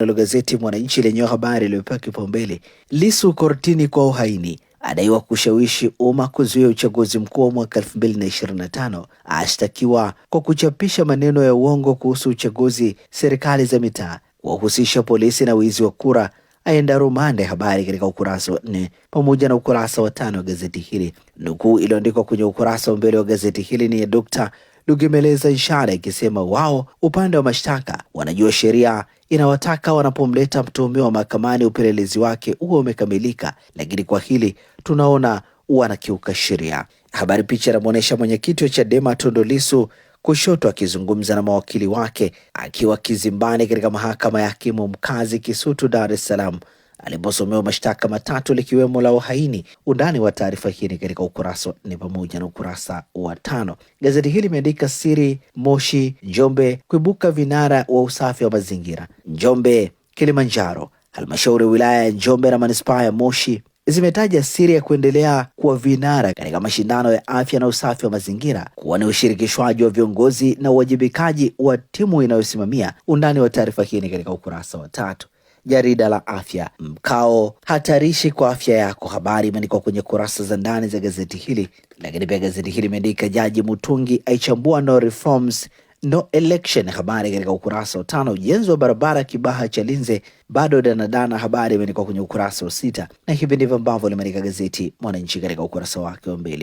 Nalo gazeti Mwananchi lenye habari iliyopewa kipaumbele, Lissu kortini kwa uhaini, adaiwa kushawishi umma kuzuia uchaguzi mkuu wa mwaka 2025, ashtakiwa kwa kuchapisha maneno ya uongo kuhusu uchaguzi serikali za mitaa, kuwahusisha polisi na wizi wa kura, aenda rumande. Habari katika ukurasa wa nne pamoja na ukurasa wa tano wa gazeti hili. Nukuu iliyoandikwa kwenye ukurasa wa mbele wa gazeti hili ni ya Dr. Lugemeleza Nshara ikisema wao upande wa mashtaka wanajua sheria inawataka wanapomleta mtuhumiwa mahakamani upelelezi wake huo umekamilika, lakini kwa hili tunaona wanakiuka sheria. Habari picha inamwonyesha mwenyekiti wa Chadema Tundu Lissu kushoto akizungumza na mawakili wake akiwa kizimbani katika mahakama ya hakimu mkazi Kisutu, Dar es Salaam, aliposomewa mashtaka matatu likiwemo la uhaini. Undani wa taarifa hii ni katika ukurasa wa nne pamoja na ukurasa wa tano. Gazeti hili limeandika siri Moshi Njombe kuibuka vinara wa usafi wa mazingira Njombe Kilimanjaro. Halmashauri ya wilaya ya Njombe na manispaa ya Moshi zimetaja siri ya kuendelea kuwa vinara katika mashindano ya afya na usafi wa mazingira kuwa ni ushirikishwaji wa viongozi na uwajibikaji wa timu inayosimamia. Undani wa taarifa hii ni katika ukurasa wa tatu jarida la afya, mkao hatarishi kwa afya yako. Habari imeandikwa kwenye kurasa za ndani za gazeti hili, lakini pia gazeti hili imeandika Jaji Mutungi aichambua no reforms no election. Habari katika ukurasa wa tano. Ujenzi wa barabara Kibaha Chalinze bado danadana. Habari imeandikwa kwenye ukurasa wa sita, na hivi ndivyo ambavyo limeandika gazeti Mwananchi katika ukurasa wake wa mbili.